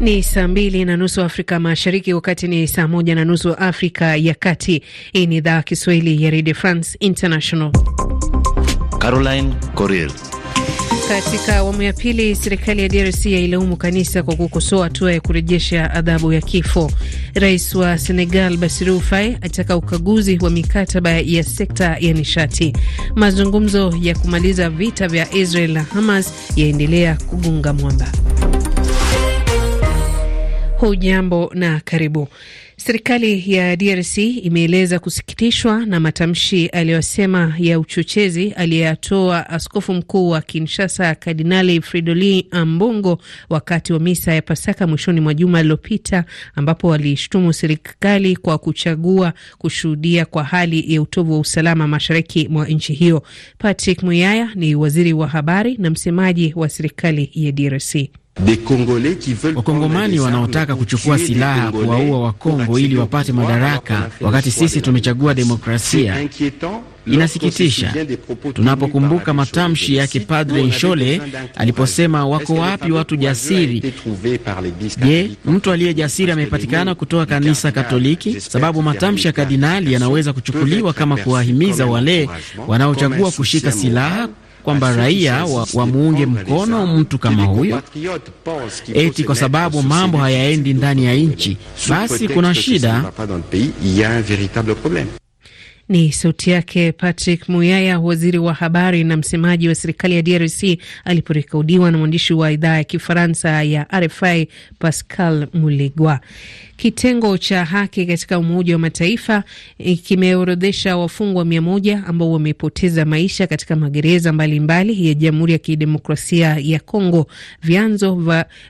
Ni saa mbili na nusu Afrika Mashariki, wakati ni saa moja na nusu Afrika ya Kati. Hii ni idhaa Kiswahili ya Redio France International. Caroline Corel Katika awamu ya pili, serikali ya DRC yailaumu kanisa kwa kukosoa hatua ya kurejesha adhabu ya kifo. Rais wa Senegal Bassirou Faye ataka ukaguzi wa mikataba ya sekta ya nishati. Mazungumzo ya kumaliza vita vya Israel na Hamas yaendelea kugonga mwamba. Hujambo na karibu. Serikali ya DRC imeeleza kusikitishwa na matamshi aliyosema ya uchochezi aliyeyatoa askofu mkuu wa Kinshasa Kardinali Fridolin Ambongo wakati wa misa ya Pasaka mwishoni mwa juma lililopita, ambapo walishtumu serikali kwa kuchagua kushuhudia kwa hali ya utovu wa usalama mashariki mwa nchi hiyo. Patrick Muyaya ni waziri wa habari na msemaji wa serikali ya DRC. Wakongomani wanaotaka kuchukua silaha kuwaua Wakongo ili wapate madaraka, wakati sisi tumechagua demokrasia. Inasikitisha tunapokumbuka matamshi yake Padre Nshole aliposema, wako wapi watu jasiri? Je, mtu aliye jasiri amepatikana kutoka kanisa Katoliki? Sababu matamshi ya kardinali yanaweza kuchukuliwa kama kuwahimiza wale wanaochagua kushika silaha kwamba raia wa, wamuunge mkono mtu kama huyo, eti kwa sababu mambo hayaendi ndani ya nchi, basi kuna shida. Ni sauti yake Patrick Muyaya, waziri wa habari na msemaji wa serikali ya DRC, aliporekodiwa na mwandishi wa idhaa ya Kifaransa ya RFI Pascal muligwa Kitengo cha haki katika Umoja wa Mataifa eh, kimeorodhesha wafungwa mia moja ambao wamepoteza maisha katika magereza mbalimbali mbali ya Jamhuri ya Kidemokrasia ya Kongo, vyanzo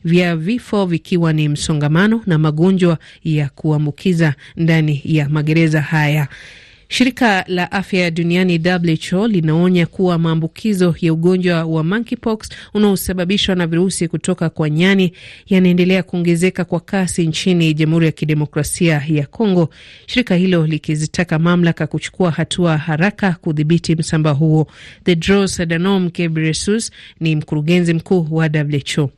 vya vifo vikiwa ni msongamano na magonjwa ya kuambukiza ndani ya magereza haya. Shirika la afya duniani WHO linaonya kuwa maambukizo ya ugonjwa wa monkeypox unaosababishwa na virusi kutoka kwa nyani yanaendelea kuongezeka kwa kasi nchini Jamhuri ya Kidemokrasia ya Kongo, shirika hilo likizitaka mamlaka kuchukua hatua haraka kudhibiti msamba huo. Tedros Adhanom Ghebreyesus ni mkurugenzi mkuu wa WHO.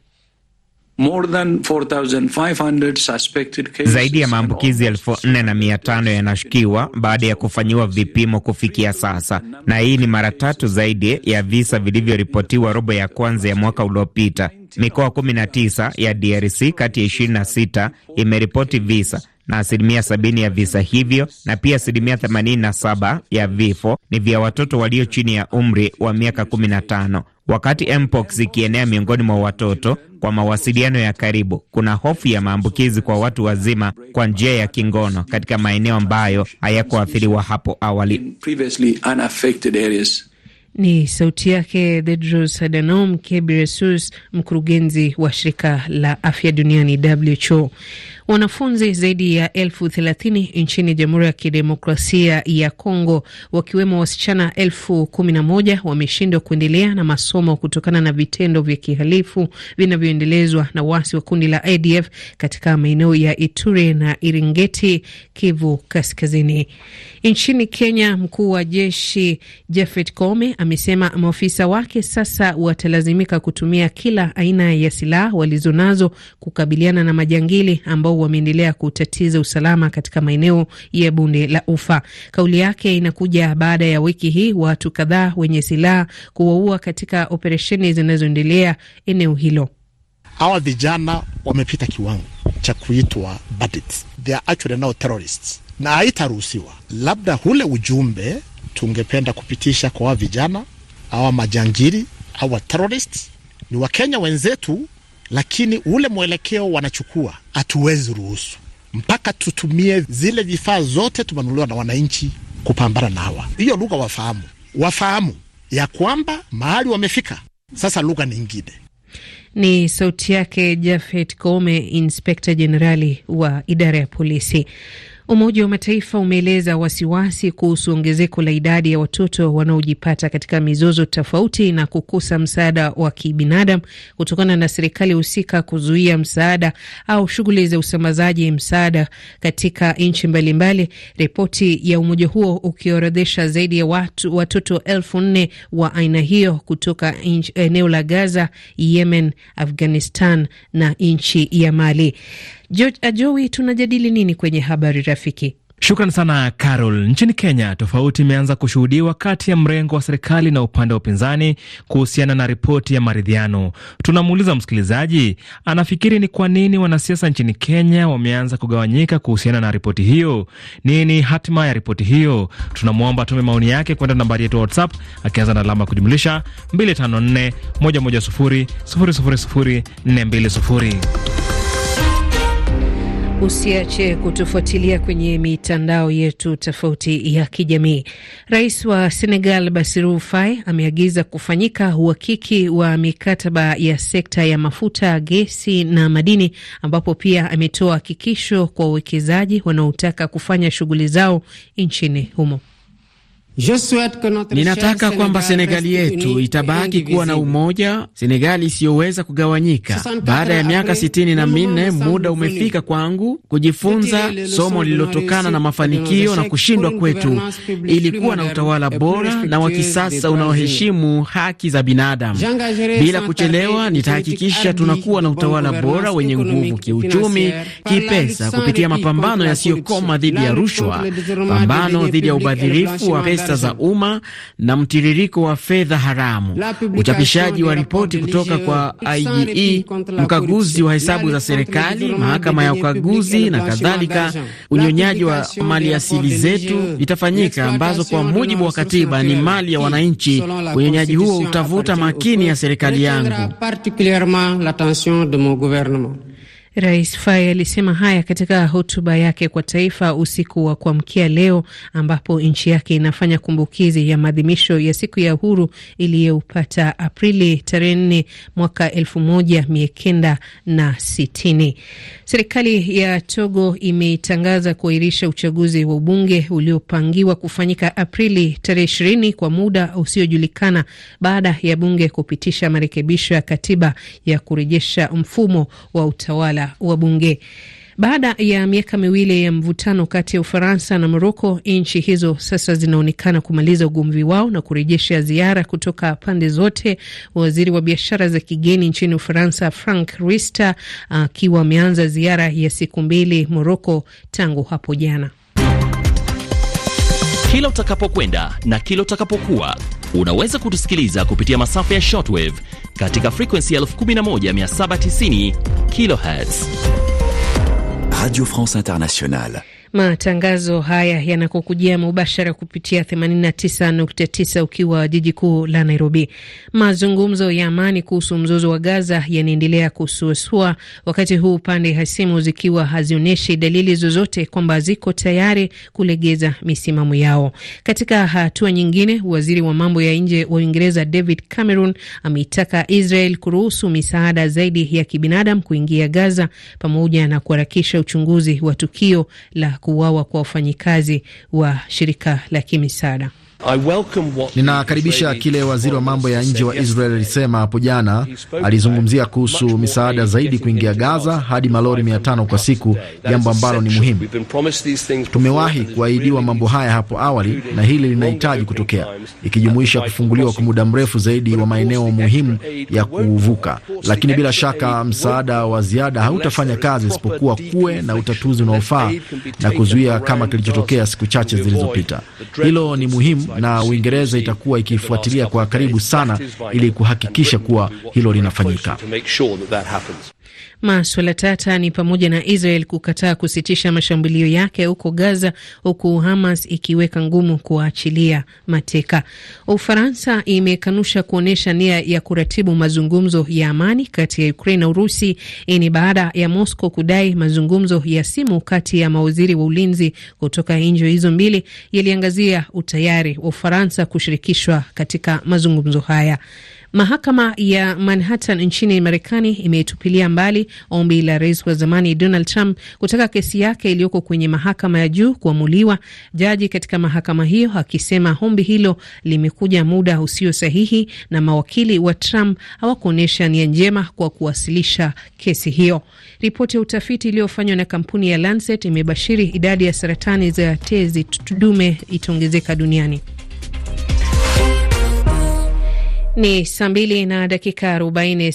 Zaidi ya maambukizi elfu nne na mia tano yanashukiwa baada ya kufanyiwa vipimo kufikia sasa, na hii ni mara tatu zaidi ya visa vilivyoripotiwa robo ya kwanza ya mwaka uliopita. Mikoa 19 ya DRC kati ya 26 imeripoti visa na asilimia sabini ya visa hivyo na pia asilimia 87 ya vifo ni vya watoto walio chini ya umri wa miaka tano. Wakati mpox ikienea miongoni mwa watoto kwa mawasiliano ya karibu, kuna hofu ya maambukizi kwa watu wazima kwa njia ya kingono katika maeneo ambayo hayakuathiriwa hapo awali. Ni sauti yake Tedros Adhanom Ghebreyesus, mkurugenzi wa shirika la afya duniani WHO. Wanafunzi zaidi ya elfu thelathini nchini Jamhuri ya Kidemokrasia ya Kongo, wakiwemo wasichana elfu kumi na moja wameshindwa kuendelea na masomo kutokana na vitendo vya kihalifu vinavyoendelezwa na wasi wa kundi la ADF katika maeneo ya Ituri na Iringeti, Kivu Kaskazini. Nchini Kenya, mkuu wa jeshi Jeffred come amesema maafisa wake sasa watalazimika kutumia kila aina ya silaha walizonazo kukabiliana na majangili ambao wameendelea kutatiza usalama katika maeneo ya bonde la Ufa. Kauli yake inakuja baada ya wiki hii watu kadhaa wenye silaha kuwaua katika operesheni zinazoendelea eneo hilo. Hawa vijana wamepita kiwango cha kuitwa bandits. They are actually now terrorists, na haitaruhusiwa. Labda hule ujumbe tungependa kupitisha kwa hawa vijana, hawa majangiri hawa terrorists ni Wakenya wenzetu lakini ule mwelekeo wanachukua hatuwezi ruhusu mpaka tutumie zile vifaa zote tumenunuliwa na wananchi kupambana na hawa. Hiyo lugha wafahamu, wafahamu ya kwamba mahali wamefika sasa, lugha ingine. ni sauti yake Jafet Kome, inspekta jenerali wa idara ya polisi. Umoja wa Mataifa umeeleza wasiwasi kuhusu ongezeko la idadi ya watoto wanaojipata katika mizozo tofauti na kukosa msaada wa kibinadamu kutokana na serikali husika kuzuia msaada au shughuli za usambazaji msaada katika nchi mbalimbali, ripoti ya umoja huo ukiorodhesha zaidi ya watu, watoto elfu nne wa aina hiyo kutoka eneo la Gaza, Yemen, Afghanistan na nchi ya Mali ajoi Ajowi, uh, tunajadili nini kwenye habari rafiki? Shukran sana Carol. Nchini Kenya, tofauti imeanza kushuhudiwa kati ya mrengo wa serikali na upande wa upinzani kuhusiana na ripoti ya maridhiano. Tunamuuliza msikilizaji, anafikiri ni kwa nini wanasiasa nchini Kenya wameanza kugawanyika kuhusiana na ripoti hiyo? Nini hatima ya ripoti hiyo? Tunamwomba tume maoni yake kwenda nambari yetu WhatsApp akianza na alama kujumlisha 254 110 000 420. Usiache kutufuatilia kwenye mitandao yetu tofauti ya kijamii. Rais wa Senegal Bassirou Faye ameagiza kufanyika uhakiki wa mikataba ya sekta ya mafuta, gesi na madini, ambapo pia ametoa hakikisho kwa wawekezaji wanaotaka kufanya shughuli zao nchini humo. Ninataka kwamba Senegali yetu itabaki kuwa na umoja, Senegali isiyoweza kugawanyika. Baada ya miaka sitini na minne, muda umefika kwangu kujifunza somo lililotokana na mafanikio na kushindwa kwetu, ili kuwa na utawala bora na wa kisasa unaoheshimu haki za binadamu. Bila kuchelewa, nitahakikisha tunakuwa na utawala bora wenye nguvu kiuchumi, kipesa, kupitia mapambano yasiyokoma dhidi ya rushwa, pambano dhidi ya ubadhirifu wa pesa pesa za umma na mtiririko wa fedha haramu. Uchapishaji wa ripoti kutoka kwa IGE, e, mkaguzi wa hesabu za serikali, mahakama ya ukaguzi na kadhalika, unyonyaji wa maliasili zetu itafanyika, ambazo kwa mujibu wa katiba ni mali ya wananchi. Unyonyaji huo utavuta makini ya serikali yangu. Rais Faye alisema haya katika hotuba yake kwa taifa usiku wa kuamkia leo, ambapo nchi yake inafanya kumbukizi ya maadhimisho ya siku ya uhuru iliyopata Aprili tarehe 4 mwaka 1960. Serikali ya Togo imetangaza kuahirisha uchaguzi wa ubunge uliopangiwa kufanyika Aprili tarehe ishirini kwa muda usiojulikana baada ya bunge kupitisha marekebisho ya katiba ya kurejesha mfumo wa utawala utawala wa bunge. Baada ya miaka miwili ya mvutano kati ya Ufaransa na Moroko, nchi hizo sasa zinaonekana kumaliza ugomvi wao na kurejesha ziara kutoka pande zote. Waziri wa biashara za kigeni nchini Ufaransa, Frank rister akiwa uh, ameanza ziara ya siku mbili Moroko tangu hapo jana. Kila utakapokwenda na kila utakapokuwa unaweza kutusikiliza kupitia masafa ya shortwave katika frequency 11790 kHz. Radio France Internationale. Matangazo haya yanakukujia mubashara kupitia 89.9 ukiwa jiji kuu la Nairobi. Mazungumzo ya amani kuhusu mzozo wa Gaza yanaendelea kusuasua, wakati huu pande hasimu zikiwa hazionyeshi dalili zozote kwamba ziko tayari kulegeza misimamo yao. Katika hatua nyingine, waziri wa mambo ya nje wa Uingereza David Cameron ameitaka Israel kuruhusu misaada zaidi ya kibinadamu kuingia Gaza pamoja na kuharakisha uchunguzi wa tukio la kuuawa kwa wafanyikazi wa shirika la kimisaada. Ninakaribisha kile waziri wa mambo ya nje wa Israel alisema hapo jana. Alizungumzia kuhusu misaada zaidi kuingia Gaza hadi malori mia tano kwa siku, jambo ambalo ni muhimu. Tumewahi kuahidiwa mambo haya hapo awali na hili linahitaji kutokea, ikijumuisha kufunguliwa kwa muda mrefu zaidi wa maeneo muhimu ya kuvuka. Lakini bila shaka msaada wa ziada hautafanya kazi isipokuwa kuwe na utatuzi unaofaa na kuzuia kama kilichotokea siku chache zilizopita. Hilo ni muhimu na Uingereza itakuwa ikifuatilia kwa karibu sana ili kuhakikisha kuwa hilo linafanyika. Maswala tata ni pamoja na Israel kukataa kusitisha mashambulio yake huko Gaza, huku Hamas ikiweka ngumu kuwaachilia mateka. Ufaransa imekanusha kuonyesha nia ya kuratibu mazungumzo ya amani kati ya Ukraine na Urusi. Hii ni baada ya Moscow kudai mazungumzo ya simu kati ya mawaziri wa ulinzi kutoka nchi hizo mbili yaliangazia utayari wa Ufaransa kushirikishwa katika mazungumzo haya. Mahakama ya Manhattan nchini Marekani imetupilia mbali ombi la rais wa zamani Donald Trump kutaka kesi yake iliyoko kwenye mahakama ya juu kuamuliwa. Jaji katika mahakama hiyo akisema ombi hilo limekuja muda usio sahihi na mawakili wa Trump hawakuonyesha nia njema kwa kuwasilisha kesi hiyo. Ripoti ya utafiti iliyofanywa na kampuni ya Lancet imebashiri idadi ya saratani za tezi dume itaongezeka duniani. Ni saa mbili na dakika arobaini.